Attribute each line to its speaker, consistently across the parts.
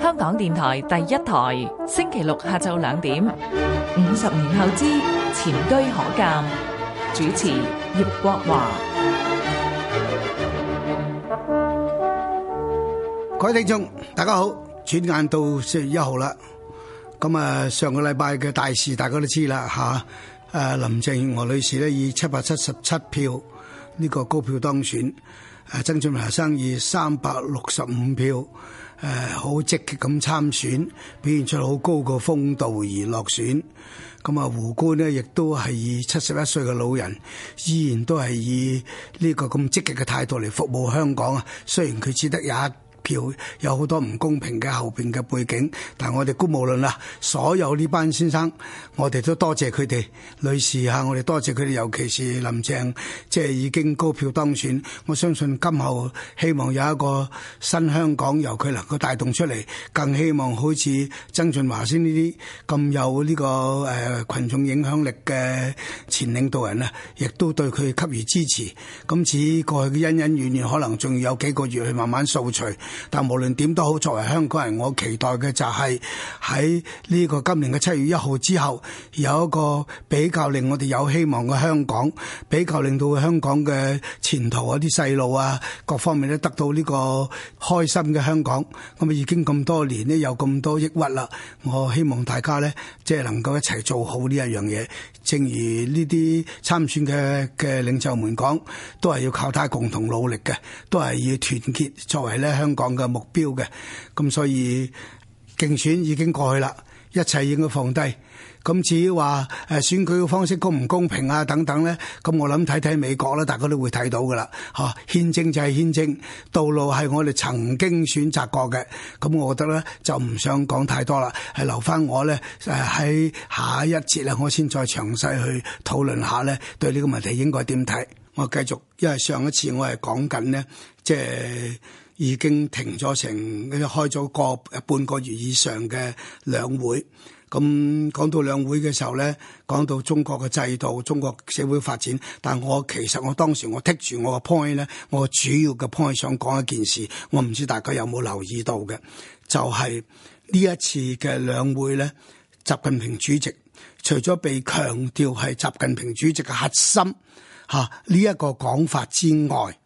Speaker 1: 香港電台第一台，星期六下晝兩點。五十年後之前車可鑑，主持葉國華。各位聽眾，大家好！轉眼到四月一號啦，咁啊，上個禮拜嘅大事，大家都知啦，吓，誒，林鄭月娥女士咧，以七百七十七票呢個高票當選。誒曾俊華生以三百六十五票，誒好積極咁參選，表現出好高嘅風度而落選。咁啊，胡官呢亦都係以七十一歲嘅老人，依然都係以呢個咁積極嘅態度嚟服務香港啊。雖然佢只得廿一。叫有好多唔公平嘅後邊嘅背景，但係我哋姑無論啦所有呢班先生，我哋都謝謝我多謝佢哋女士吓，我哋多謝佢哋，尤其是林鄭，即係已經高票當選，我相信今後希望有一個新香港由佢能夠帶動出嚟，更希望好似曾俊華先呢啲咁有呢、這個誒、呃、群眾影響力嘅前領導人啊，亦都對佢給予支持。今次過去嘅恩恩怨怨，可能仲有幾個月去慢慢掃除。但無論點都好，作為香港人，我期待嘅就係喺呢個今年嘅七月一號之後有一個比較令我哋有希望嘅香港，比較令到香港嘅前途嗰啲細路啊，各方面咧得到呢個開心嘅香港。咁啊，已經咁多年咧，有咁多抑鬱啦。我希望大家咧，即係能夠一齊做好呢一樣嘢。正如呢啲參選嘅嘅領袖們講都係要靠大家共同努力嘅，都係要團結作為咧香港，嘅目標嘅，咁所以競選已經過去啦，一切應該放低。咁至於話誒選舉嘅方式公唔公平啊，等等咧，咁我諗睇睇美國啦，大家都會睇到㗎啦。嚇，憲政就係憲政，道路係我哋曾經選擇過嘅。咁我覺得咧就唔想講太多啦，係留翻我咧喺下一節咧，我先再詳細去討論下咧對呢個問題應該點睇。我繼續，因為上一次我係講緊呢。即係。已經停咗成開咗個半個月以上嘅兩會，咁講到兩會嘅時候咧，講到中國嘅制度、中國社會發展，但我其實我當時我剔住我個 point 咧，我主要嘅 point 想講一件事，我唔知大家有冇留意到嘅，就係、是、呢一次嘅兩會咧，習近平主席除咗被強調係習近平主席嘅核心嚇呢一個講法之外。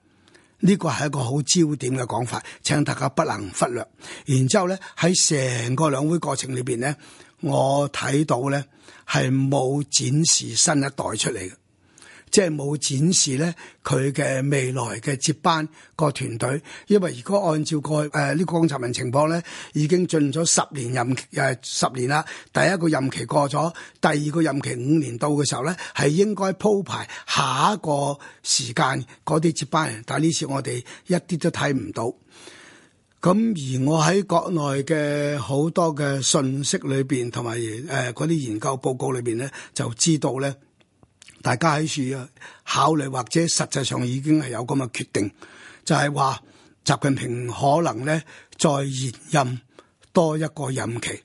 Speaker 1: 呢個係一個好焦點嘅講法，請大家不能忽略。然之後咧，喺成個兩會過程裏邊咧，我睇到咧，係冇展示新一代出嚟嘅。即係冇展示咧，佢嘅未來嘅接班個團隊，因為如果按照過去、呃這個誒呢個江澤民情況咧，已經進咗十年任誒、呃、十年啦，第一個任期過咗，第二個任期五年到嘅時候咧，係應該鋪排下一個時間嗰啲接班人，但係呢次我哋一啲都睇唔到。咁而我喺國內嘅好多嘅信息裏邊，同埋誒嗰啲研究報告裏邊咧，就知道咧。大家喺處啊考慮或者實際上已經係有咁嘅決定，就係話習近平可能咧再延任多一個任期。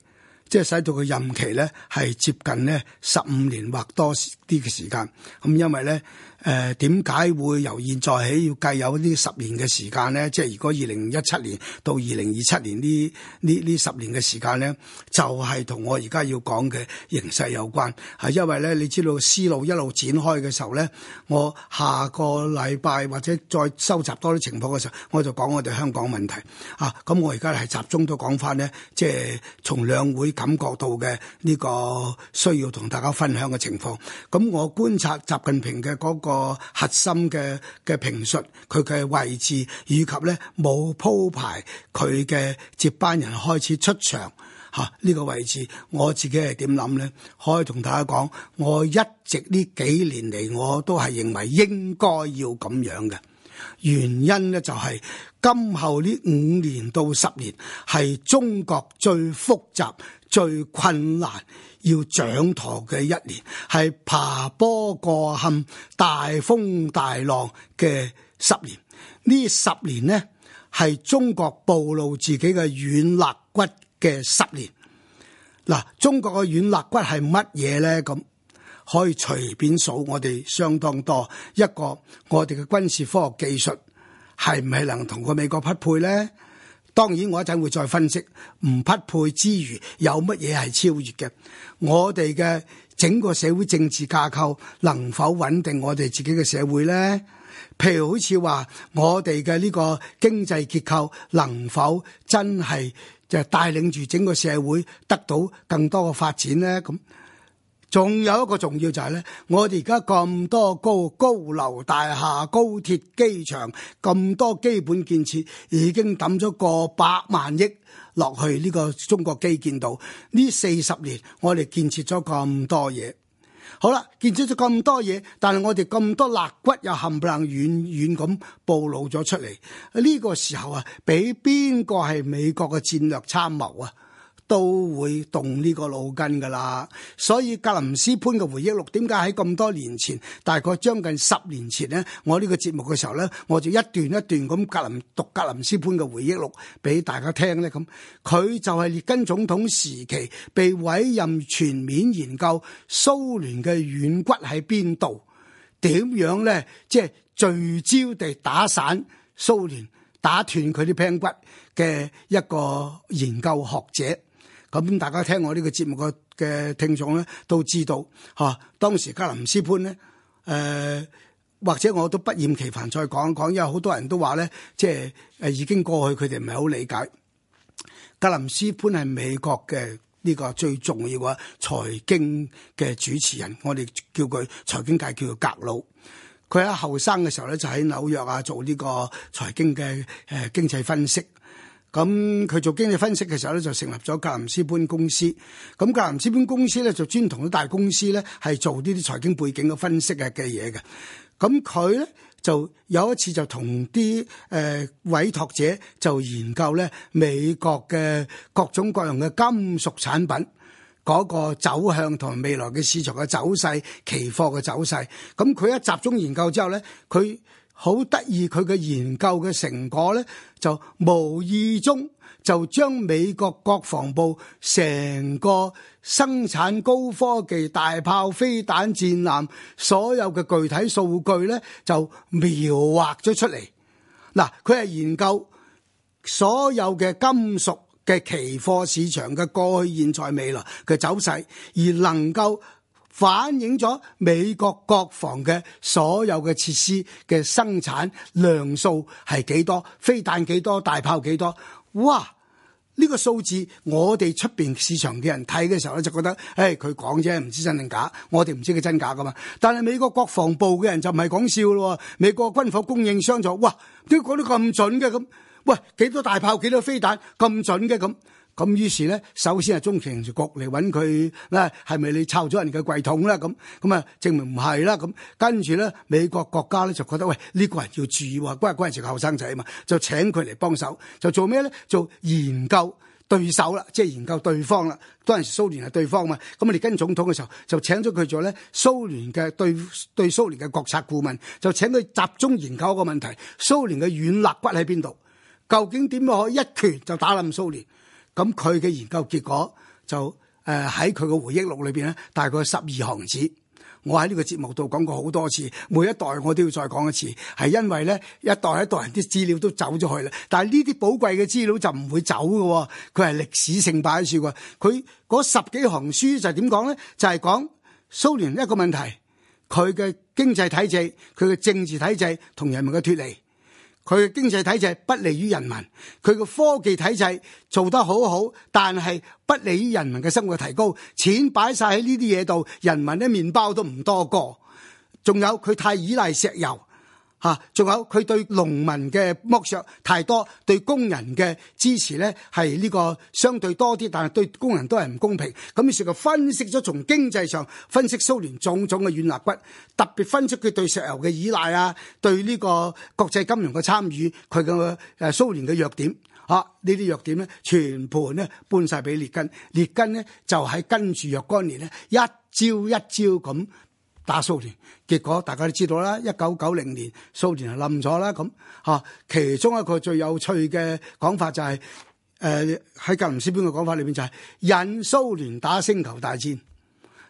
Speaker 1: 即係使到佢任期咧係接近咧十五年或多啲嘅時間，咁、嗯、因為咧誒，點解會由現在起要計有呢十年嘅時間咧？即係如果二零一七年到二零二七年呢呢呢十年嘅時間咧，就係、是、同我而家要講嘅形勢有關，係因為咧，你知道思路一路展開嘅時候咧，我下個禮拜或者再收集多啲情況嘅時候，我就講我哋香港問題啊。咁、嗯、我而家係集中都講翻咧，即係從兩會。感覺到嘅呢個需要同大家分享嘅情況，咁我觀察習近平嘅嗰個核心嘅嘅評述，佢嘅位置以及呢冇鋪排佢嘅接班人開始出場嚇呢個位置，我自己係點諗呢？可以同大家講，我一直呢幾年嚟我都係認為應該要咁樣嘅原因呢，就係今後呢五年到十年係中國最複雜，最困難要掌舵嘅一年，係爬坡過坎、大風大浪嘅十年。呢十年呢，係中國暴露自己嘅軟肋骨嘅十年。嗱，中國嘅軟肋骨係乜嘢呢？咁可以隨便數，我哋相當多一個，我哋嘅軍事科學技術係唔係能同個美國匹配呢？當然，我一陣會，會再分析，唔匹配之餘，有乜嘢係超越嘅？我哋嘅整個社會政治架構能否穩定我哋自己嘅社會咧？譬如好似話，我哋嘅呢個經濟結構能否真係就係帶領住整個社會得到更多嘅發展咧？咁。仲有一個重要就係咧，我哋而家咁多高高樓大廈、高鐵、機場咁多基本建設，已經抌咗個百萬億落去呢個中國基建度。呢四十年，我哋建設咗咁多嘢，好啦，建設咗咁多嘢，但係我哋咁多肋骨又冚唪唥遠遠咁暴露咗出嚟。呢個時候啊，俾邊個係美國嘅戰略參謀啊？都會動呢個腦筋噶啦，所以格林斯潘嘅回憶錄點解喺咁多年前，大概將近十年前呢？我呢個節目嘅時候咧，我就一段一段咁格林讀格林斯潘嘅回憶錄俾大家聽咧咁，佢就係列根總統時期被委任全面研究蘇聯嘅軟骨喺邊度，點樣咧，即係聚焦地打散蘇聯，打斷佢啲偏骨嘅一個研究學者。咁大家聽我個節聽呢個節目嘅嘅聽眾咧，都知道嚇、啊，當時格林斯潘咧，誒、呃、或者我都不厭其煩再講一講，因為好多人都話咧，即係誒、呃、已經過去，佢哋唔係好理解。格林斯潘係美國嘅呢個最重要嘅財經嘅主持人，我哋叫佢財經界叫做格老。佢喺後生嘅時候咧，就喺紐約啊做呢個財經嘅誒、呃、經濟分析。咁佢做經濟分析嘅時候咧，就成立咗格林斯潘公司。咁格林斯潘公司咧，就專同啲大公司咧係做呢啲財經背景嘅分析嘅嘅嘢嘅。咁佢咧就有一次就同啲誒委託者就研究咧美國嘅各種各樣嘅金屬產品嗰個走向同埋未來嘅市場嘅走勢、期貨嘅走勢。咁佢一集中研究之後咧，佢。好得意，佢嘅研究嘅成果咧，就無意中就將美國國防部成個生產高科技大炮、飛彈、戰艦所有嘅具體數據咧，就描畫咗出嚟。嗱，佢係研究所有嘅金屬嘅期貨市場嘅過去、現在、未來嘅走勢，而能夠。反映咗美國國防嘅所有嘅設施嘅生產量數係幾多？飛彈幾多？大炮幾多？哇！呢個數字我哋出面市場嘅人睇嘅時候咧，就覺得，誒佢講啫，唔知真定假。我哋唔知佢真假噶嘛。但係美國國防部嘅人就唔係講笑咯。美國軍火供應商就，哇！點解講得咁準嘅咁，喂，幾多大炮？幾多飛彈？咁準嘅咁。咁於是咧，首先係中情局嚟揾佢啦，係咪你抄咗人嘅櫃桶啦？咁咁啊，證明唔係啦。咁跟住咧，美國國家咧就覺得喂呢個人要注意喎，關係關係住個後生仔啊嘛，就請佢嚟幫手，就做咩咧？做研究對手啦，即係研究對方啦。當陣時蘇聯係對方啊嘛，咁列根總統嘅時候就請咗佢做咧蘇聯嘅對對蘇聯嘅國策顧問，就請佢集中研究一個問題：蘇聯嘅軟肋骨喺邊度？究竟點樣可以一拳就打冧蘇聯？咁佢嘅研究結果就誒喺佢嘅回憶錄裏邊咧，大概十二行字。我喺呢個節目度講過好多次，每一代我都要再講一次，係因為咧一代一代人啲資料都走咗去啦。但係呢啲寶貴嘅資料就唔會走嘅，佢係歷史性擺喺處。佢嗰十幾行書就點講咧？就係講蘇聯一個問題，佢嘅經濟體制、佢嘅政治體制同人民嘅脫離。佢嘅經濟體制不利於人民，佢嘅科技體制做得好好，但係不利於人民嘅生活提高。錢擺晒喺呢啲嘢度，人民嘅麵包都唔多過。仲有佢太依賴石油。啊！仲有佢對農民嘅剝削太多，對工人嘅支持呢係呢個相對多啲，但係對工人都係唔公平。咁於是佢分析咗從經濟上分析蘇聯種種嘅軟肋骨，特別分析佢對石油嘅依賴啊，對呢個國際金融嘅參與，佢嘅誒蘇聯嘅弱點嚇呢啲弱點呢，全盤咧搬晒俾列根，列根呢，就係跟住若干年呢，一招一招咁。打蘇聯，結果大家都知道啦。一九九零年蘇聯啊冧咗啦，咁吓其中一個最有趣嘅講法就係誒喺格林斯潘嘅講法裏邊就係、是、引蘇聯打星球大戰。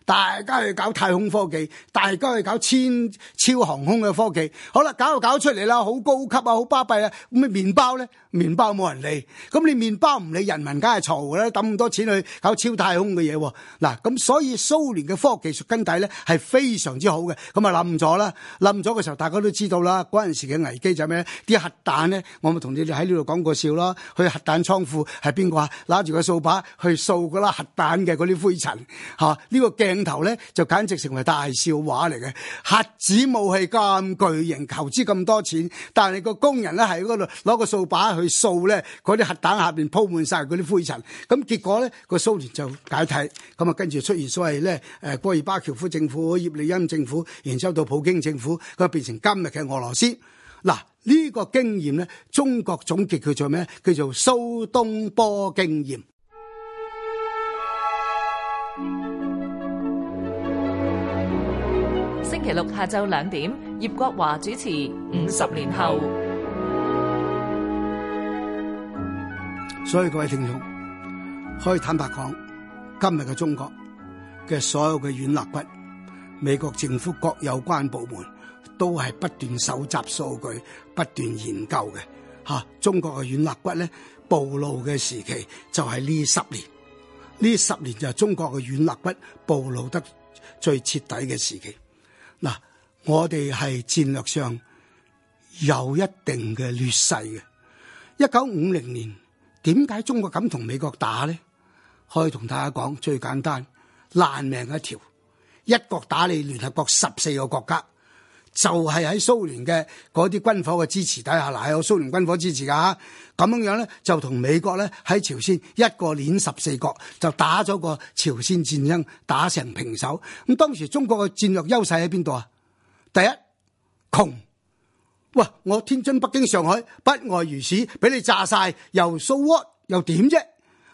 Speaker 1: 大家去搞太空科技，大家去搞千超航空嘅科技，好啦，搞就搞出嚟啦，好高級啊，好巴閉啊，咁咩麵包咧？麵包冇人理，咁你麵包唔理，人民梗係嘈啦，抌咁多錢去搞超太空嘅嘢喎，嗱、啊，咁所以蘇聯嘅科技根底咧係非常之好嘅，咁啊冧咗啦，冧咗嘅時候，大家都知道啦，嗰陣時嘅危機就係咩咧？啲核彈咧，我咪同你哋喺呢度講過笑啦，去核彈倉庫係邊個啊？拿住個掃把去掃嗰啦核彈嘅嗰啲灰塵，吓呢個鏡。頂頭咧就簡直成為大笑話嚟嘅，核子武器咁巨型，投資咁多錢，但係個工人咧喺嗰度攞個掃把去掃咧，嗰啲核彈下邊鋪滿晒嗰啲灰塵，咁結果咧個蘇聯就解體，咁啊跟住出現所謂咧誒戈爾巴喬夫政府、葉利欽政府，然之後到普京政府，佢變成今日嘅俄羅斯。嗱，呢個經驗咧，中國總結叫做咩？叫做蘇東坡經驗。星期六下晝兩點，葉國華主持《五十年後》。所以，各位聽眾可以坦白講，今日嘅中國嘅所有嘅軟肋骨，美國政府各有關部門都係不斷搜集數據、不斷研究嘅。吓，中國嘅軟肋骨咧，暴露嘅時期就係呢十年。呢十年就係中國嘅軟肋骨暴露得最徹底嘅時期。嗱，我哋係戰略上有一定嘅劣勢嘅。一九五零年，點解中國敢同美國打咧？可以同大家講，最簡單，爛命一條，一國打你聯合國十四個國家。就係喺蘇聯嘅嗰啲軍火嘅支持底下，嗱，有蘇聯軍火支持噶嚇，咁樣樣咧就同美國咧喺朝鮮一個連十四國就打咗個朝鮮戰爭，打成平手。咁當時中國嘅戰略優勢喺邊度啊？第一窮，哇！我天津、北京、上海不外如此，俾你炸晒，又 so what 又點啫？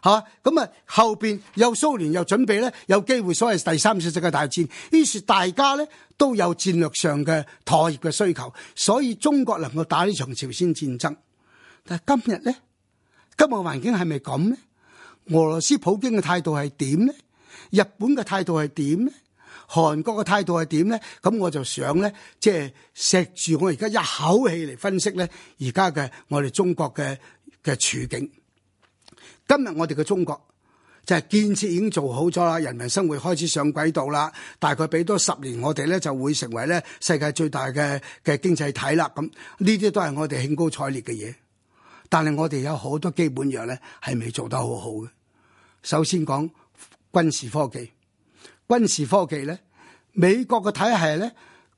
Speaker 1: 吓咁啊，後邊又蘇聯又準備咧，有機會所謂第三次世界大戰。於是大家咧都有戰略上嘅妥協嘅需求，所以中國能夠打呢場朝鮮戰爭。但係今日咧，今日環境係咪咁咧？俄羅斯普京嘅態度係點咧？日本嘅態度係點咧？韓國嘅態度係點咧？咁我就想咧，即係食住我而家一口氣嚟分析咧，而家嘅我哋中國嘅嘅處境。今日我哋嘅中國就係建設已經做好咗啦，人民生活開始上軌道啦。大概俾多十年，我哋咧就會成為咧世界最大嘅嘅經濟體啦。咁呢啲都係我哋興高采烈嘅嘢。但係我哋有好多基本樣咧係未做得好好嘅。首先講軍事科技，軍事科技咧，美國嘅體系咧，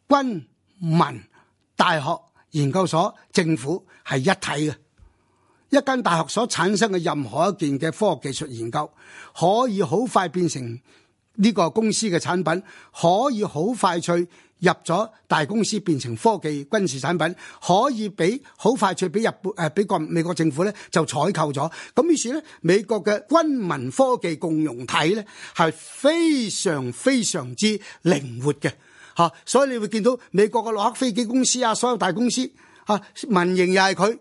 Speaker 1: 軍民大學研究所、政府係一體嘅。一間大學所產生嘅任何一件嘅科學技術研究，可以好快變成呢個公司嘅產品，可以好快脆入咗大公司變成科技軍事產品，可以俾好快脆俾日本誒，俾、呃、個美國政府咧就採購咗。咁於是咧，美國嘅軍民科技共融體咧係非常非常之靈活嘅，吓。所以你會見到美國嘅洛克飛機公司啊，所有大公司吓，民營又係佢。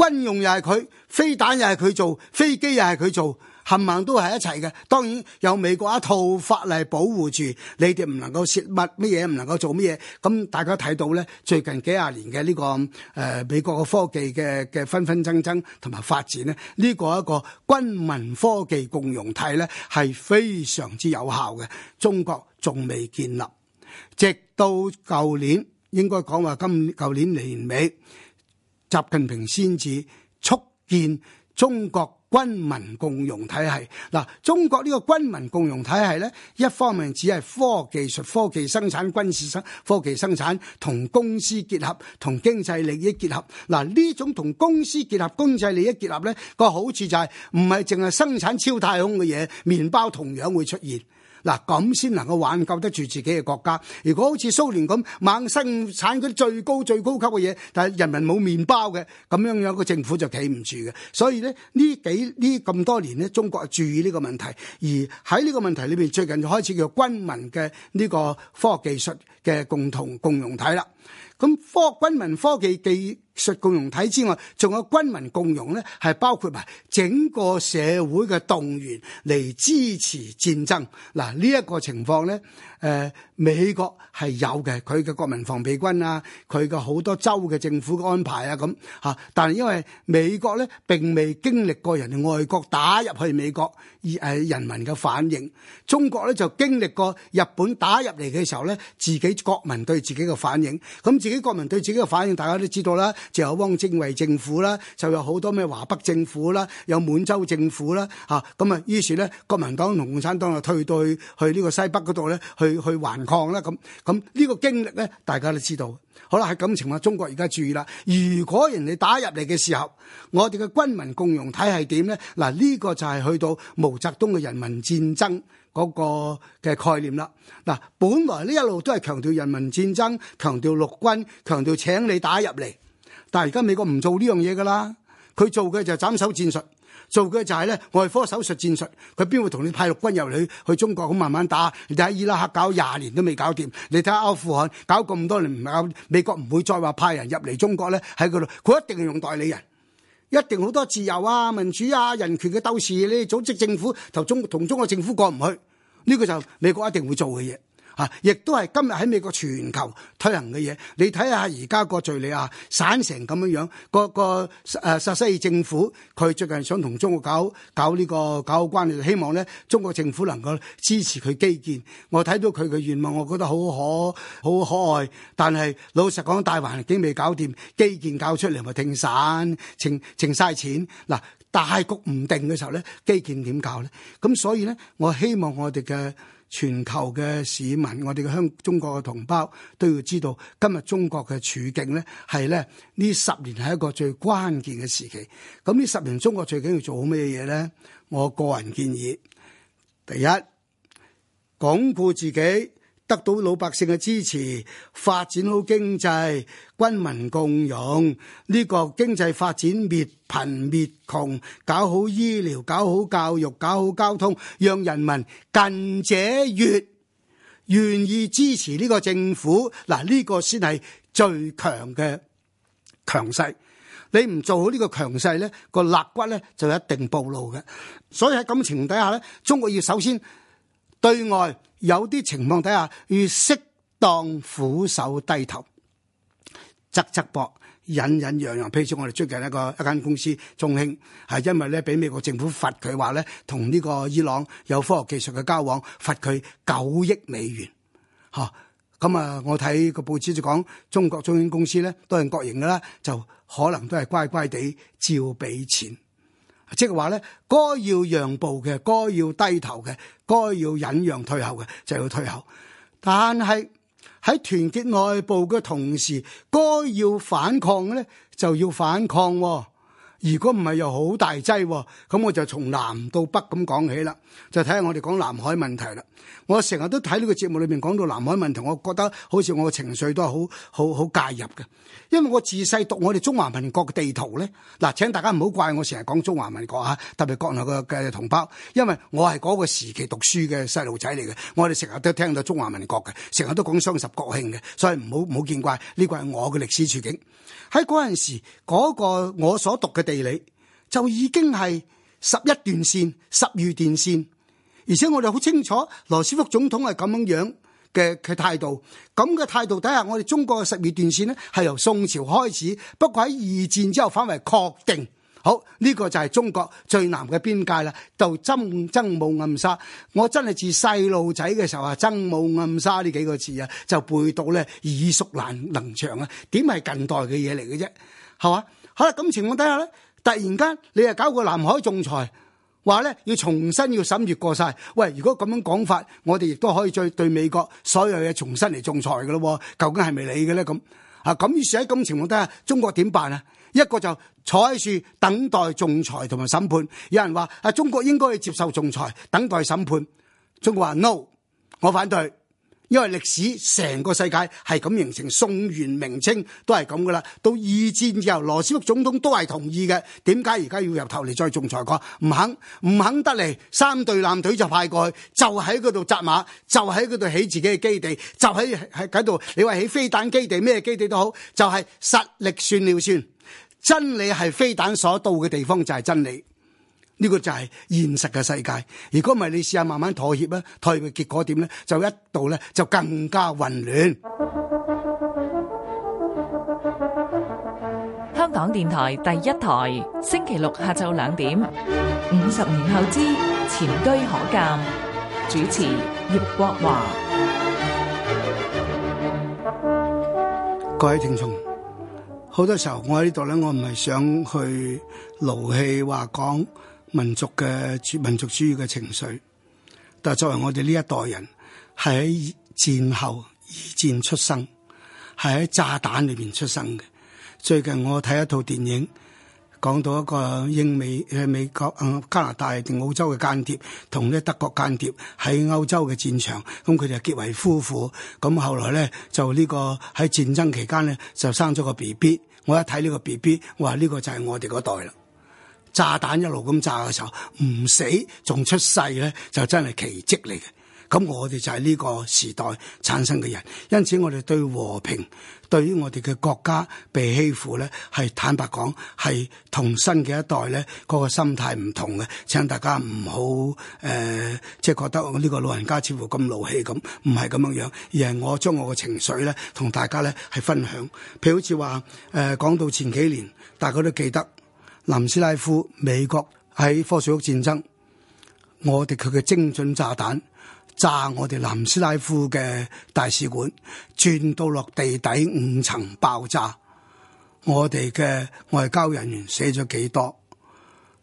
Speaker 1: 軍用又係佢，飛彈又係佢做，飛機又係佢做，冚唪唥都係一齊嘅。當然有美國一套法例保護住你哋，唔能夠洩密咩嘢，唔能夠做咩嘢。咁大家睇到咧，最近幾廿年嘅呢個誒美國嘅科技嘅嘅紛紛爭爭同埋發展咧，呢個一個軍民科技共融體咧係非常之有效嘅。中國仲未建立，直到舊年應該講話今舊年年尾。習近平先至促建中國軍民共融體系。嗱，中國呢個軍民共融體系呢，一方面只係科技術、術科技生產、軍事生科技生產同公司結合，同經濟利益結合。嗱，呢種同公司結合、經濟利益結合，呢個好處就係唔係淨係生產超太空嘅嘢，麵包同樣會出現。嗱，咁先能夠挽救得住自己嘅國家。如果好似蘇聯咁猛生產嗰啲最高最高級嘅嘢，但係人民冇麵包嘅，咁樣樣個政府就企唔住嘅。所以咧，呢幾呢咁多年咧，中國注意呢個問題，而喺呢個問題裏邊，最近就開始叫軍民嘅呢個科學技術嘅共同共融體啦。咁科學軍民科技技除共融體之外，仲有軍民共融呢，係包括埋整個社會嘅動員嚟支持戰爭。嗱，呢、這、一個情況呢，誒、呃、美國係有嘅，佢嘅國民防備軍啊，佢嘅好多州嘅政府嘅安排啊咁吓、啊。但係因為美國呢並未經歷過人哋外國打入去美國而誒、呃、人民嘅反應，中國呢就經歷過日本打入嚟嘅時候呢，自己國民對自己嘅反應。咁、嗯、自己國民對自己嘅反應，大家都知道啦。就有汪精衛政府啦，就有好多咩華北政府啦，有滿洲政府啦，吓，咁啊！於是咧，國民黨同共產黨就退隊去呢個西北嗰度咧，去去頑抗啦。咁咁呢個經歷咧，大家都知道。好啦，喺咁情況，中國而家注意啦。如果人哋打入嚟嘅時候，我哋嘅軍民共融體系點咧？嗱、啊，呢、這個就係去到毛澤東嘅人民戰爭嗰個嘅概念啦。嗱、啊，本來呢一路都係強調人民戰爭，強調陸軍，強調請你打入嚟。但係而家美國唔做呢樣嘢噶啦，佢做嘅就係斬首戰術，做嘅就係咧外科手術戰術。佢邊會同你派陸軍入嚟去中國咁慢慢打？你睇伊拉克搞廿年都未搞掂，你睇阿富汗搞咁多年唔搞，美國唔會再話派人入嚟中國咧喺嗰度，佢一定係用代理人，一定好多自由啊、民主啊、人權嘅鬥士，你組織政府同中同中國政府過唔去，呢、這個就美國一定會做嘅嘢。啊、亦都係今日喺美國全球推行嘅嘢，你睇下而家個敍利亞散成咁樣樣，個個誒塞西爾政府佢最近想同中國搞搞呢個搞好關係，希望咧中國政府能夠支持佢基建。我睇到佢嘅願望，我覺得好可好可愛。但係老實講，大環境未搞掂，基建搞出嚟咪停散，剩剩曬錢。嗱，大局唔定嘅時候咧，基建點搞咧？咁所以咧，我希望我哋嘅。全球嘅市民，我哋嘅香中國嘅同胞都要知道，今日中國嘅處境咧，係咧呢十年係一個最關鍵嘅時期。咁呢十年中國最緊要做好咩嘢咧？我個人建議，第一，鞏固自己。得到老百姓嘅支持，發展好經濟，軍民共榮，呢個經濟發展滅貧滅窮，搞好醫療，搞好教育，搞好交通，讓人民近者悅願意支持呢個政府，嗱呢個先係最強嘅強勢。你唔做好呢個強勢，呢個肋骨呢，就一定暴露嘅。所以喺咁嘅情況底下呢，中國要首先。對外有啲情況底下，要適當俯首低頭，側側膊，忍忍讓讓。譬如我哋最近一個一間公司中興，係因為咧俾美國政府罰佢話咧同呢個伊朗有科學技術嘅交往，罰佢九億美元。吓，咁啊，嗯、我睇個報紙就講中國中興公司咧，都係國營㗎啦，就可能都係乖乖地照俾錢。即係話咧，該要讓步嘅，該要低頭嘅，該要忍讓退後嘅，就要退後。但係喺團結外部嘅同時，該要反抗嘅咧，就要反抗喎。如果唔係又好大劑，喔，喎，咁我就從南到北咁講起啦，就睇下我哋講南海問題啦。我成日都睇呢個節目裏邊講到南海問題，我覺得好似我嘅情緒都係好好好介入嘅，因為我自細讀我哋中華民國嘅地圖咧。嗱，請大家唔好怪我成日講中華民國吓，特別國內嘅嘅同胞，因為我係嗰個時期讀書嘅細路仔嚟嘅，我哋成日都聽到中華民國嘅，成日都講雙十國慶嘅，所以唔好唔好見怪，呢、這個係我嘅歷史處境。喺嗰陣時嗰、那個我所讀嘅。地理就已經係十一段線、十二段線，而且我哋好清楚羅斯福總統係咁樣樣嘅嘅態度。咁嘅態度底下，我哋中國嘅十二段線咧係由宋朝開始，不過喺二戰之後反為確定。好，呢個就係中國最南嘅邊界啦。就曾曾母暗沙，我真係自細路仔嘅時候啊，曾母暗沙呢幾個字啊就背到咧，耳熟難能詳啊，點係近代嘅嘢嚟嘅啫，係嘛？好啦，咁情況底下咧，突然間你又搞個南海仲裁，話咧要重新要審閱過晒。喂，如果咁樣講法，我哋亦都可以再對美國所有嘢重新嚟仲裁噶咯。究竟係咪你嘅咧咁啊？咁於是喺咁情況底下，中國點辦啊？一個就坐喺度等待仲裁同埋審判。有人話啊，中國應該去接受仲裁，等待審判。中國話 No，我反對。因為歷史成個世界係咁形成，宋元明清都係咁噶啦。到二戰之後，羅斯福總統都係同意嘅。點解而家要由頭嚟再仲裁？講唔肯唔肯得嚟，三隊艦隊就派過去，就喺嗰度紮馬，就喺嗰度起自己嘅基地，就喺喺喺度。你話起飛彈基地咩基地都好，就係、是、實力算了算，真理係飛彈所到嘅地方就係真理。呢個就係現實嘅世界。如果唔係，你試下慢慢妥協咧，妥協嘅結果點咧？就一度咧，就更加混亂。香港電台第一台，星期六下晝兩點。五十年後之前車可鑑，主持葉國華。各位聽眾，好多時候我喺呢度咧，我唔係想去勞氣話講。民族嘅民族主義嘅情緒，但係作為我哋呢一代人，係喺戰後二戰出生，係喺炸彈裏邊出生嘅。最近我睇一套電影，講到一個英美誒美國誒、嗯、加拿大定澳洲嘅間諜，同呢德國間諜喺歐洲嘅戰場，咁佢哋就結為夫婦。咁後來咧就呢、這個喺戰爭期間咧就生咗個 B B。我一睇呢個 B B，我話呢個就係我哋代啦。炸彈一路咁炸嘅時候，唔死仲出世咧，就真係奇蹟嚟嘅。咁我哋就係呢個時代產生嘅人，因此我哋對和平，對於我哋嘅國家被欺負咧，係坦白講係同新嘅一代咧嗰、那個心態唔同嘅。請大家唔好誒，即、呃、係、就是、覺得呢個老人家似乎咁勞氣咁，唔係咁樣樣，而係我將我嘅情緒咧同大家咧係分享。譬如好似話誒，講、呃、到前幾年，大家都記得。南斯拉夫，美國喺科索沃戰爭，我哋佢嘅精準炸彈炸我哋南斯拉夫嘅大使館，轉到落地底五層爆炸，我哋嘅外交人員死咗幾多？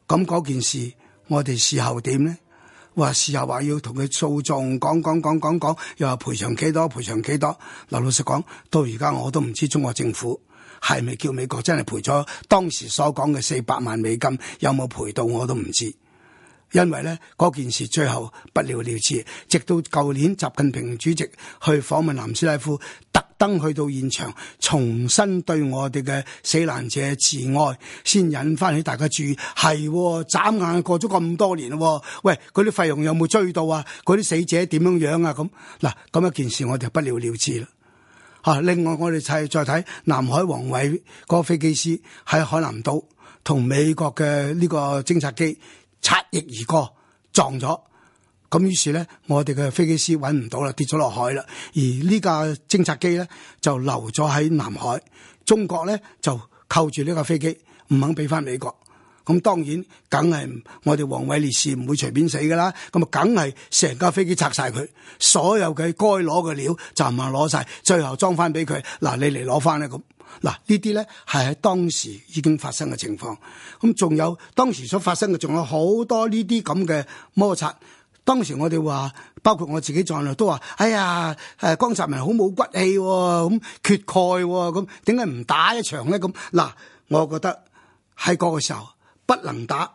Speaker 1: 咁嗰件事，我哋事後點呢？話事後話要同佢訴訟，講講講講講，又話賠償幾多？賠償幾多？老老實講到而家我都唔知中國政府。係咪叫美國真係賠咗當時所講嘅四百萬美金？有冇賠到我都唔知，因為呢件事最後不了了之，直到舊年習近平主席去訪問南斯拉夫，特登去到現場，重新對我哋嘅死難者致哀，先引翻起大家注意。係、哦、眨眼過咗咁多年啦，喂，嗰啲費用有冇追到啊？嗰啲死者點樣樣啊？咁嗱，咁一件事我哋就不了了之啦。另外，我哋再再睇南海王偉嗰個飛機師喺海南島同美國嘅呢個偵察機擦翼而過撞咗，咁於是咧我哋嘅飛機師揾唔到啦，跌咗落海啦，而呢架偵察機咧就留咗喺南海，中國咧就扣住呢架飛機，唔肯俾翻美國。咁當然，梗係我哋王偉烈士唔會隨便死㗎啦。咁啊，梗係成架飛機拆晒佢，所有佢該攞嘅料，盡量攞晒，最後裝翻俾佢。嗱，你嚟攞翻咧咁。嗱，呢啲咧係喺當時已經發生嘅情況。咁仲有當時所發生嘅，仲有好多呢啲咁嘅摩擦。當時我哋話，包括我自己在內都話，哎呀，誒江澤民好冇骨氣喎、啊，咁缺鈣喎、啊，咁點解唔打一場咧？咁嗱，我覺得喺嗰個時候。不能打，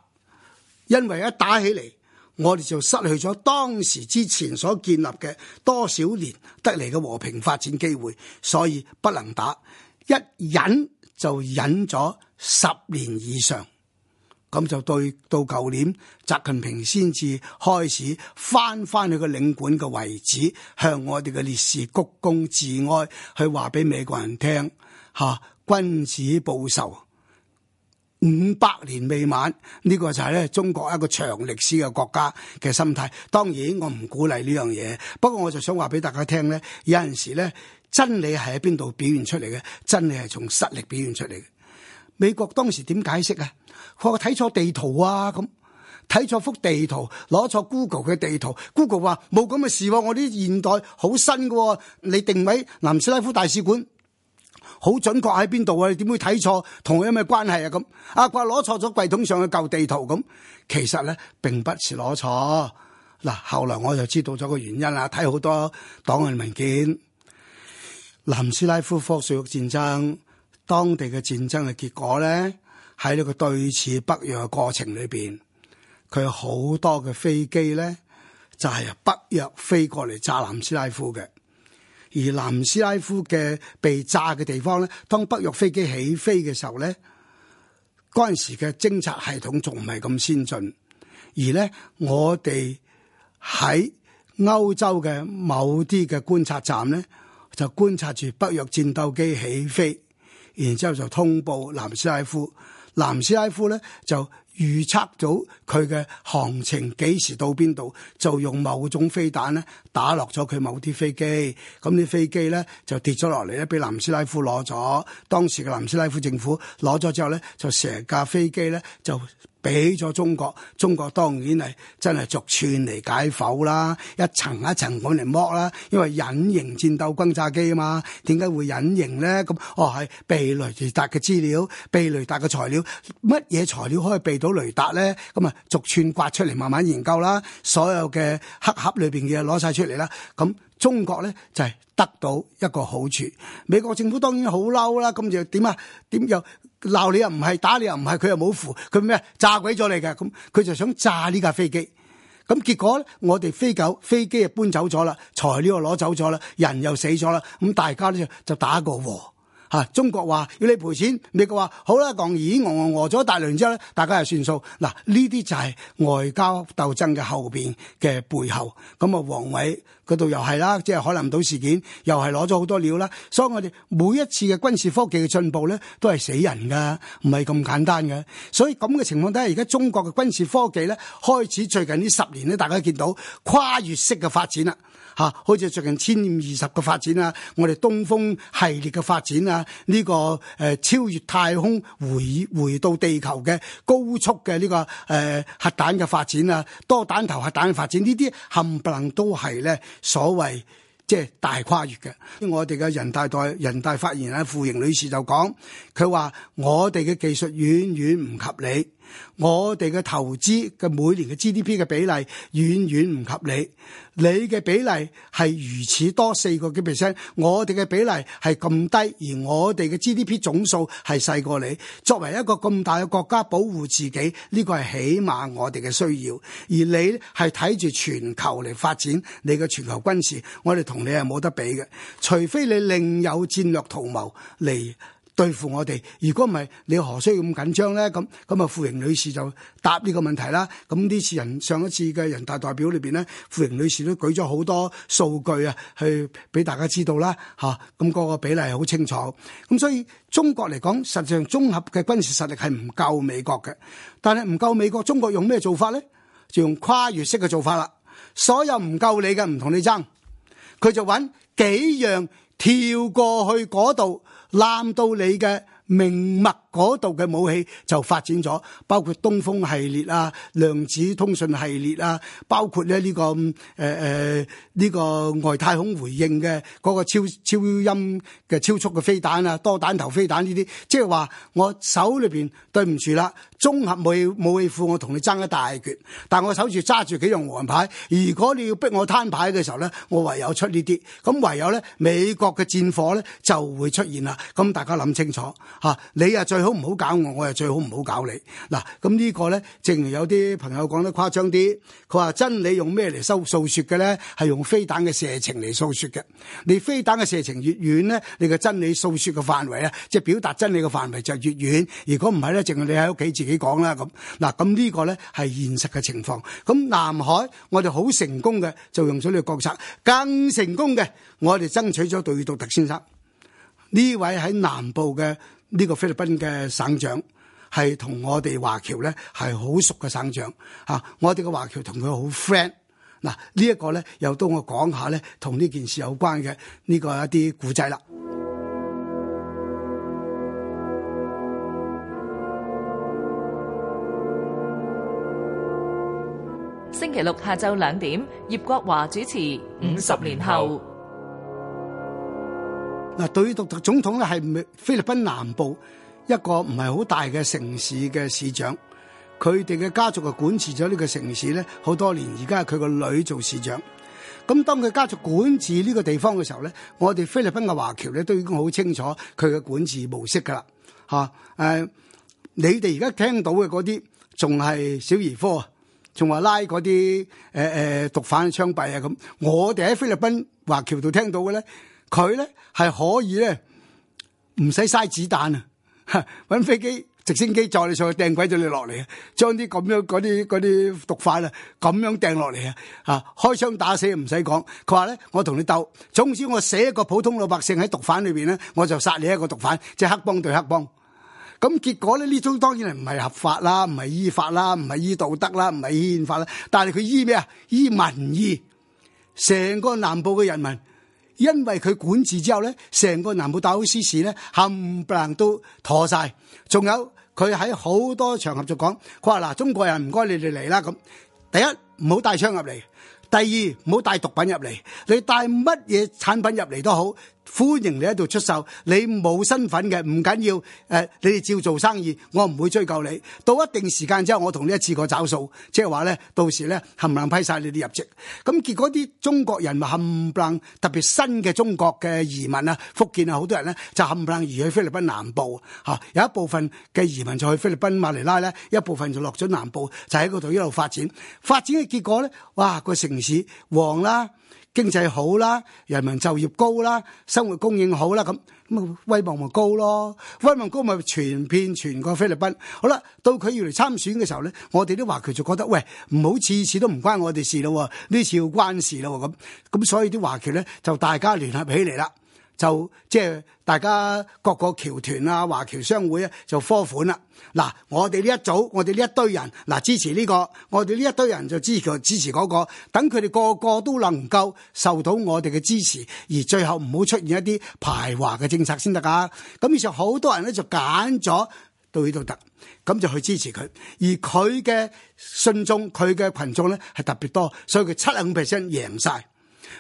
Speaker 1: 因為一打起嚟，我哋就失去咗當時之前所建立嘅多少年得嚟嘅和平發展機會，所以不能打。一忍就忍咗十年以上，咁就對到舊年，習近平先至開始翻翻去個領館嘅位置，向我哋嘅烈士鞠躬致哀，去話俾美國人聽吓、啊，君子報仇。五百年未晚，呢個就係咧中國一個長歷史嘅國家嘅心態，當然我唔鼓勵呢樣嘢，不過我就想話俾大家聽咧，有陣時咧真理係喺邊度表現出嚟嘅？真理係從實力表現出嚟嘅。美國當時點解釋啊？佢睇錯地圖啊，咁睇錯幅地圖，攞錯 Google 嘅地圖，Google 話冇咁嘅事喎，我啲現代好新嘅喎，你定位南斯拉夫大使館。好準確喺邊度啊？你點會睇錯？同佢有咩關係啊？咁阿怪攞錯咗櫃桶上嘅舊地圖咁，其實咧並不是攞錯嗱。後來我就知道咗個原因啦，睇好多檔案文件。南斯拉夫科索沃戰爭，當地嘅戰爭嘅結果咧，喺呢個對峙北約嘅過程裏邊，佢好多嘅飛機咧就係、是、由北約飛過嚟炸南斯拉夫嘅。而南斯拉夫嘅被炸嘅地方咧，當北約飛機起飛嘅時候咧，嗰陣時嘅偵察系統仲唔係咁先進，而咧我哋喺歐洲嘅某啲嘅觀察站咧，就觀察住北約戰鬥機起飛，然之後就通報南斯拉夫，南斯拉夫咧就。預測到佢嘅行程幾時到邊度，就用某種飛彈咧打落咗佢某啲飛機，咁啲飛機呢，就跌咗落嚟咧，俾南斯拉夫攞咗。當時嘅南斯拉夫政府攞咗之後呢，就成架飛機呢。就。俾咗中國，中國當然係真係逐寸嚟解剖啦，一層一層咁嚟剝啦。因為隱形戰鬥轟炸機啊嘛，點解會隱形呢？咁、嗯、哦係避雷達嘅資料，避雷達嘅材料，乜嘢材料可以避到雷達呢？咁、嗯、啊逐寸刮出嚟，慢慢研究啦。所有嘅黑盒裏邊嘅嘢攞晒出嚟啦，咁、嗯。中國呢，就係得到一個好處。美國政府當然好嬲啦，咁就點啊，點又，鬧你又唔係，打你又唔係，佢又冇仆，佢咩？炸鬼咗你㗎，咁，佢就想炸呢架飛機。咁，結果呢，我哋飛狗，飛機又搬走咗啦，材料又攞走咗啦，人又死咗啦，咁大家呢，就打個和。 嚇、啊！中國話要你賠錢，美國話好啦，講咦餓餓餓咗大輪之後咧，大家又算數。嗱，呢啲就係外交鬥爭嘅後邊嘅背後。咁啊，王偉嗰度又係啦，即係海南島事件又係攞咗好多料啦。所以我哋每一次嘅軍事科技嘅進步咧，都係死人㗎，唔係咁簡單嘅。所以咁嘅情況底下，而家中國嘅軍事科技咧，開始最近呢十年咧，大家見到跨越式嘅發展啦。吓，好似最近千二十嘅發展啊，我哋東風系列嘅發展啊，呢個誒超越太空回回到地球嘅高速嘅呢個誒核彈嘅發展啊，多彈頭核彈嘅發展呢啲，冚唪唥都係咧所謂即係大跨越嘅。我哋嘅人大代人大發言啊，傅瑩女士就講，佢話我哋嘅技術遠遠唔及你。我哋嘅投資嘅每年嘅 GDP 嘅比例遠遠唔及你。你嘅比例係如此多四個幾 percent，我哋嘅比例係咁低，而我哋嘅 GDP 總數係細過你。作為一個咁大嘅國家，保護自己呢個係起碼我哋嘅需要，而你係睇住全球嚟發展你嘅全球軍事，我哋同你係冇得比嘅，除非你另有戰略圖謀嚟。對付我哋，如果唔係，你何須咁緊張咧？咁咁啊，傅瑩女士就答呢個問題啦。咁呢次人上一次嘅人大代表裏邊咧，傅瑩女士都舉咗好多數據啊，去俾大家知道啦。吓、啊，咁、嗰個比例好清楚。咁所以中國嚟講，實際上綜合嘅軍事實力係唔夠美國嘅，但係唔夠美國，中國用咩做法咧？就用跨越式嘅做法啦。所有唔夠你嘅唔同你爭，佢就揾幾樣跳過去嗰度。攬到你嘅命脈。度嘅武器就發展咗，包括東風系列啊、量子通訊系列啊，包括咧、這、呢個誒誒呢個外太空回應嘅、嗰個超超音嘅超速嘅飛彈啊、多彈頭飛彈呢啲，即係話我手裏邊對唔住啦，綜合武器武器庫我同你爭一大決，但我守住揸住幾樣王牌，如果你要逼我攤牌嘅時候咧，我唯有出呢啲，咁唯有咧美國嘅戰火咧就會出現啦。咁大家諗清楚吓、啊、你啊再。最最好唔好搞我，我又最好唔好搞你嗱。咁呢個咧，正如有啲朋友講得誇張啲，佢話真理用咩嚟，收訴說嘅咧？係用飛彈嘅射程嚟訴說嘅。你飛彈嘅射程越遠咧，你嘅真理訴說嘅範圍咧，即係表達真理嘅範圍就越遠。呢如果唔係咧，淨係你喺屋企自己講啦咁。嗱，咁呢個咧係現實嘅情況。咁南海我哋好成功嘅，就用咗呢個國策，更成功嘅，我哋爭取咗杜特爾特先生呢位喺南部嘅。呢個菲律賓嘅省長係同我哋華僑咧係好熟嘅省長嚇、啊，我哋嘅華僑同佢好 friend 嗱，啊呢個、呢一個咧又等我講下咧同呢件事有關嘅呢、呢個一啲故仔啦。星期六下晝兩點，葉國華主持《五十年後》年後。嗱，對於獨獨總統咧，係菲律賓南部一個唔係好大嘅城市嘅市長，佢哋嘅家族就管治咗呢個城市咧好多年。而家係佢個女做市長。咁當佢家族管治呢個地方嘅時候咧，我哋菲律賓嘅華僑咧都已經好清楚佢嘅管治模式噶啦嚇。誒、啊，你哋而家聽到嘅嗰啲仲係小兒科啊，仲話拉嗰啲誒誒毒販槍斃啊咁，我哋喺菲律賓華僑度聽到嘅咧。佢咧，係可以咧，唔使嘥子彈啊！揾飛機、直升機載你上去，掟鬼咗你落嚟啊！將啲咁樣嗰啲啲毒販啦，咁樣掟落嚟啊！啊，開槍打死唔使講。佢話咧，我同你鬥，總之我寫一個普通老百姓喺毒販裏邊咧，我就殺你一個毒販，即係黑幫對黑幫。咁結果呢，呢種當然係唔係合法啦，唔係依法啦，唔係依道德啦，唔係依憲法啦。但係佢依咩啊？依民意，成個南部嘅人民。因為佢管治之後咧，成個南部大好樓事咧冚唪唥都妥晒，仲有佢喺好多場合就講，佢話，嗱，中國人唔該你哋嚟啦咁，第一唔好帶槍入嚟，第二唔好帶毒品入嚟，你帶乜嘢產品入嚟都好。歡迎你喺度出售，你冇身份嘅唔緊要，誒、呃，你哋照做生意，我唔會追究你。到一定時間之後，我同你一次過找數，即係話咧，到時咧冚唪唥批晒你哋入籍。咁、嗯、結果啲中國人冚唪唥，特別新嘅中國嘅移民啊，福建啊，好多人咧就冚唪唥移去菲律賓南部吓、啊，有一部分嘅移民就去菲律賓馬尼拉咧，一部分就落咗南部，就喺嗰度一路發展。發展嘅結果咧，哇，個城市旺啦。經濟好啦，人民就業高啦，生活供應好啦，咁咁威望咪高咯，威望高咪傳遍全個菲律賓。好啦，到佢要嚟參選嘅時候咧，我哋啲華僑就覺得，喂，唔好次次都唔關我哋事咯，呢次要關事咯咁，咁所以啲華僑咧就大家聯合起嚟啦。就即係大家各個僑團啊、華僑商會啊，就科款啦。嗱，我哋呢一組，我哋呢一堆人，嗱支持呢、這個，我哋呢一堆人就支持支持嗰、那個。等佢哋個個都能夠受到我哋嘅支持，而最後唔好出現一啲排華嘅政策先得㗎。咁於是好多人咧就揀咗杜特爾特咁就去支持佢。而佢嘅信眾、佢嘅群眾咧係特別多，所以佢七十五 percent 贏晒。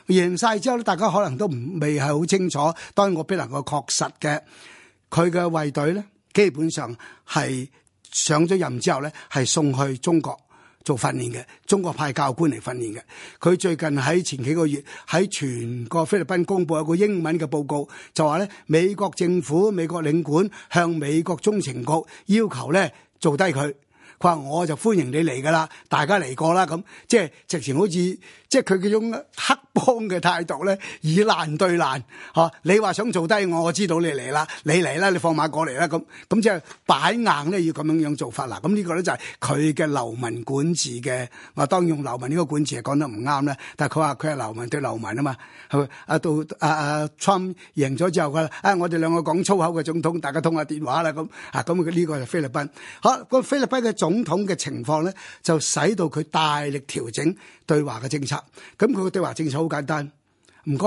Speaker 1: 贏晒之後咧，大家可能都唔未係好清楚。當然我必能夠確實嘅，佢嘅衛隊咧，基本上係上咗任之後咧，係送去中國做訓練嘅，中國派教官嚟訓練嘅。佢最近喺前幾個月喺全國菲律賓公布一個英文嘅報告，就話咧美國政府，美國領館向美國中情局要求咧做低佢。佢話我就歡迎你嚟㗎啦，大家嚟過啦咁，即係直情好似即係佢嗰種黑幫嘅態度咧，以難對難嚇、啊。你話想做低我，我知道你嚟啦，你嚟啦，你放馬過嚟啦咁，咁即係擺硬咧，要咁樣樣做法嗱。咁、啊、呢、這個咧就係佢嘅流民管治嘅。話當然用流民呢個管治係講得唔啱咧，但係佢話佢係流民對流民啊嘛。係咪啊？到啊啊 Trump 贏咗之後佢啦，啊、哎、我哋兩個講粗口嘅總統，大家通下電話啦咁啊咁。呢、這個就係菲律賓。好、啊，個菲律賓嘅總。總統嘅情況咧，就使到佢大力調整對華嘅政策。咁佢個對華政策好簡單，唔該，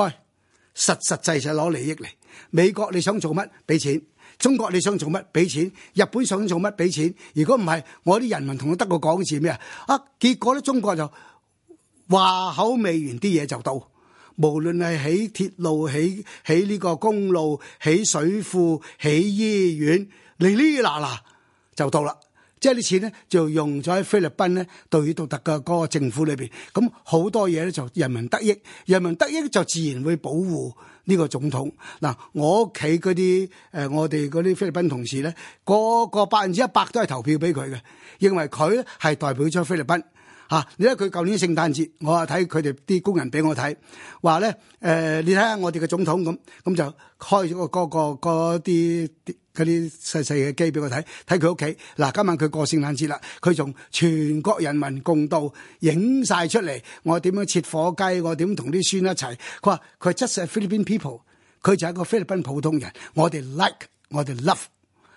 Speaker 1: 實實際際攞利益嚟。美國你想做乜俾錢，中國你想做乜俾錢，日本想做乜俾錢。如果唔係，我啲人民同佢得個講字咩啊？啊，結果咧，中國就話口未完，啲嘢就到。無論係起鐵路、起起呢個公路、起水庫、起醫院，嚟呢嗱嗱就到啦。即係啲錢咧就用咗喺菲律賓咧對獨特嘅嗰個政府裏邊，咁好多嘢咧就人民得益，人民得益就自然會保護呢個總統。嗱，我屋企嗰啲誒，我哋嗰啲菲律賓同事咧，個個百分之一百都係投票俾佢嘅，認為佢係代表咗菲律賓嚇、啊。你睇佢舊年聖誕節，我啊睇佢哋啲工人俾我睇，話咧誒，你睇下我哋嘅總統咁，咁就開咗、嗰個嗰、嗰個啲。嗰個嗰啲細細嘅機俾我睇，睇佢屋企。嗱，今晚佢過聖誕節啦，佢同全國人民共度，影曬出嚟。我點樣切火雞？我點同啲孫一齊？佢話佢係 just a Filipino people，佢就係一個菲律賓普通人。我哋 like，我哋 love，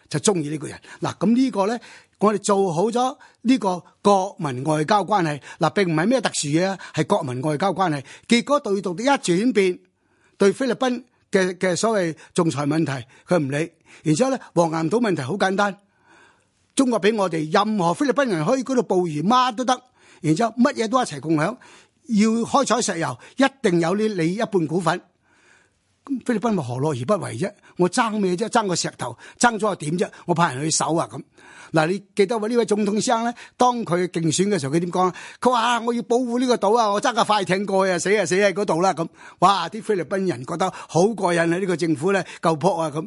Speaker 1: 就中意呢個人。嗱，咁呢個咧，我哋做好咗呢個國民外交關係。嗱，並唔係咩特殊嘢，係國民外交關係。結果對獨的一轉變，對菲律賓。嘅嘅所謂仲裁問題，佢唔理。然之後咧，黃岩島問題好簡單，中國俾我哋任何菲律賓人可以嗰度捕魚，媽都得。然之後乜嘢都一齊共享，要開採石油一定有呢你一半股份。菲律賓何樂而不為啫？我爭咩啫？爭個石頭，爭咗又點啫？我派人去守啊咁。嗱，你記得喎？呢位總統生咧，當佢競選嘅時候，佢點講？佢話：我要保護呢個島啊！我揸架快艇過啊，死啊死喺嗰度啦咁。哇！啲菲律賓人覺得好過癮啊！呢個政府咧夠搏啊咁。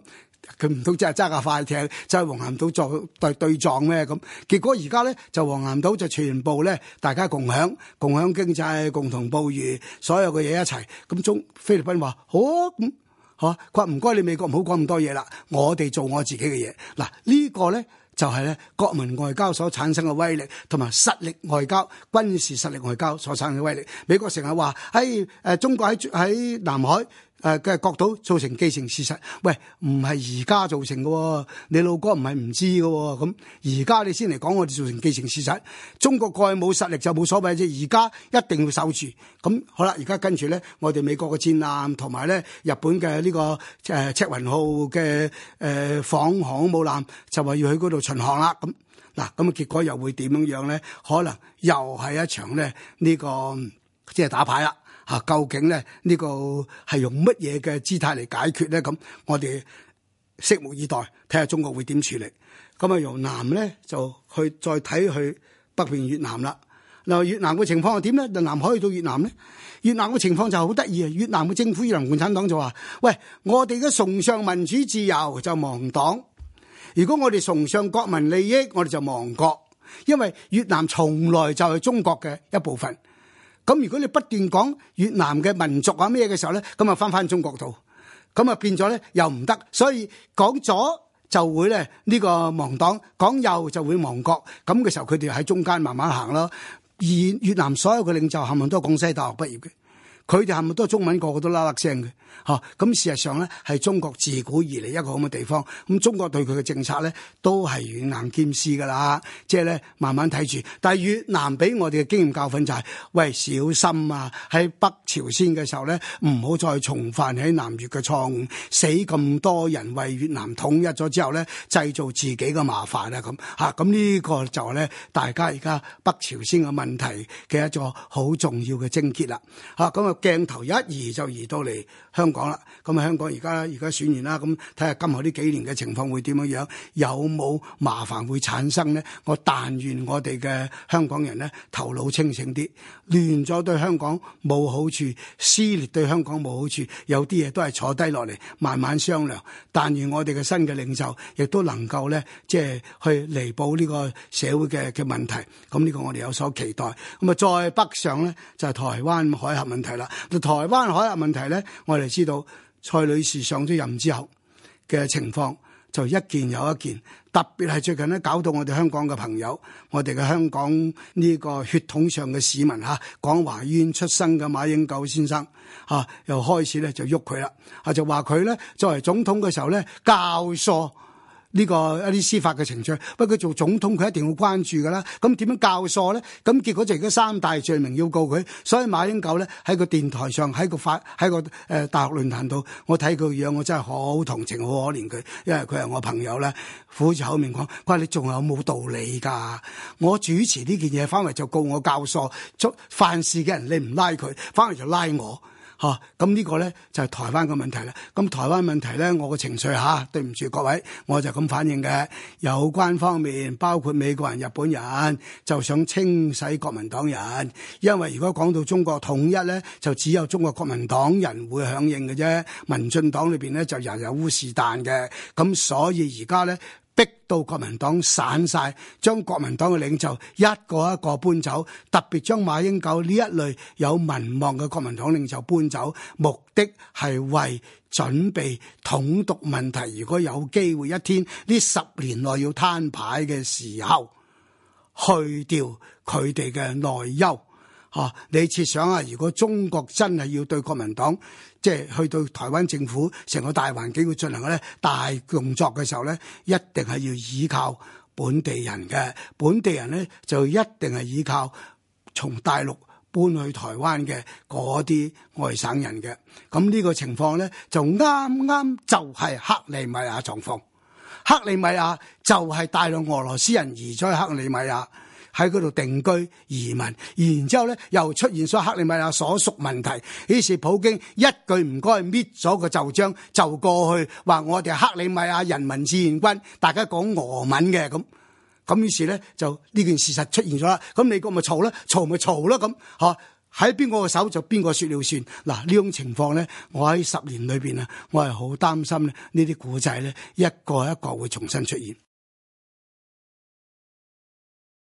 Speaker 1: 佢唔通真係揸架快艇，就揸、是、黃岩島作對對撞咩咁？結果而家咧就黃岩島就全部咧大家共享、共享經濟、共同捕魚，所有嘅嘢一齊。咁中菲律賓話好、哦嗯、啊，咁嚇，唔該你美國唔好講咁多嘢啦，我哋做我自己嘅嘢。嗱、這個、呢個咧就係、是、咧國民外交所產生嘅威力，同埋實力外交、軍事實力外交所產生嘅威力。美國成日話喺誒中國喺喺南海，誒，嘅國土造成既成事實，喂，唔係而家造成嘅喎、哦，你老哥唔係唔知嘅喎、哦，咁而家你先嚟講我哋造成既成事實，中國過去冇實力就冇所謂啫，而家一定要守住。咁好啦，而家跟住咧，我哋美國嘅戰艦同埋咧日本嘅呢、這個誒、呃、赤雲號嘅誒仿航母艦就話要去嗰度巡航啦。咁嗱，咁啊結果又會點樣樣咧？可能又係一場咧呢、這個即係打牌啦。啊，究竟咧呢、呢個係用乜嘢嘅姿態嚟解決咧？咁我哋拭目以待，睇下中國會點處理。咁、嗯、啊，由南咧就去再睇去北邊越南啦。嗱，越南嘅情況又點咧？南海去到越南咧，越南嘅情況就好得意啊！越南嘅政府越南共產黨就話，喂，我哋嘅崇尚民主自由就亡黨，如果我哋崇尚國民利益，我哋就亡國。因為越南從來就係中國嘅一部分。咁如果你不斷講越南嘅民族啊咩嘅時候咧，咁啊翻翻中國度，咁啊變咗咧又唔得，所以講左就會咧呢個亡黨，講右就會亡國，咁嘅時候佢哋喺中間慢慢行咯。而越南所有嘅領袖，冚唪唥都係廣西大學畢業嘅。佢哋係咪都係中文個個都啦啦聲嘅？嚇、啊、咁事實上咧，係中國自古以嚟一個咁嘅地方。咁中國對佢嘅政策咧，都係軟硬兼施㗎啦。即係咧，慢慢睇住。但係越南俾我哋嘅經驗教訓就係、是：喂，小心啊！喺北朝鮮嘅時候咧，唔好再重犯喺南越嘅錯誤，死咁多人為越南統一咗之後咧，製造自己嘅麻煩啦咁嚇。咁呢、啊、個就咧，大家而家北朝鮮嘅問題嘅一個好重要嘅症結啦。嚇、啊、咁鏡頭一移就移到嚟香港啦，咁啊香港而家而家選完啦，咁睇下今後呢幾年嘅情況會點樣樣，有冇麻煩會產生咧？我但願我哋嘅香港人咧頭腦清醒啲，亂咗對香港冇好處，撕裂對香港冇好處，有啲嘢都係坐低落嚟慢慢商量。但願我哋嘅新嘅領袖亦都能夠咧，即係去彌補呢個社會嘅嘅問題。咁呢個我哋有所期待。咁啊再北上咧就係台灣海峽問題啦。台灣海峽問題咧，我哋知道蔡女士上咗任之後嘅情況就一件又一件，特別係最近咧搞到我哋香港嘅朋友，我哋嘅香港呢個血統上嘅市民吓，廣華醫院出生嘅馬英九先生吓、啊，又開始咧就喐佢啦，啊就話佢咧作為總統嘅時候咧教唆。呢、這個一啲司法嘅程序，不過佢做總統佢一定要關注㗎啦。咁點樣教唆咧？咁結果就而家三大罪名要告佢，所以馬英九咧喺個電台上，喺個法，喺個誒大學論壇度，我睇佢樣，我真係好同情、好可憐佢，因為佢係我朋友咧，苦住口面講，喂，你仲有冇道理㗎？我主持呢件嘢，翻嚟就告我教唆，做犯事嘅人你唔拉佢，翻嚟就拉我。嚇，咁呢、啊這個呢，就係台灣嘅問題啦。咁台灣問題呢，我個情緒嚇、啊，對唔住各位，我就咁反應嘅。有關方面包括美國人、日本人，就想清洗國民黨人，因為如果講到中國統一呢，就只有中國國民黨人會響應嘅啫。民進黨裏邊呢，就人人烏是旦嘅，咁、嗯、所以而家呢。逼到國民黨散晒，將國民黨嘅領袖一個一個搬走，特別將馬英九呢一類有民望嘅國民黨領袖搬走，目的係為準備統獨問題。如果有機會，一天呢十年內要攤牌嘅時候，去掉佢哋嘅內憂。哦、啊，你設想啊，如果中國真係要對國民黨，即係去到台灣政府成個大環境會進行咧大動作嘅時候咧，一定係要依靠本地人嘅，本地人咧就一定係依靠從大陸搬去台灣嘅嗰啲外省人嘅。咁呢個情況咧就啱啱就係克里米亞狀況，克里米亞就係大量俄羅斯人移咗去克里米亞。喺嗰度定居移民，然之後咧又出現咗克里米亞所屬問題。於是普京一句唔該搣咗個袖章就過去，話我哋克里米亞人民志願軍，大家講俄文嘅咁。咁於是咧就呢件事實出現咗啦。咁美國咪嘈啦，嘈咪嘈啦咁。吓，喺邊個嘅手就邊個說了算。嗱，呢種情況咧，我喺十年裏邊啊，我係好擔心呢啲古仔咧一個一個會重新出現。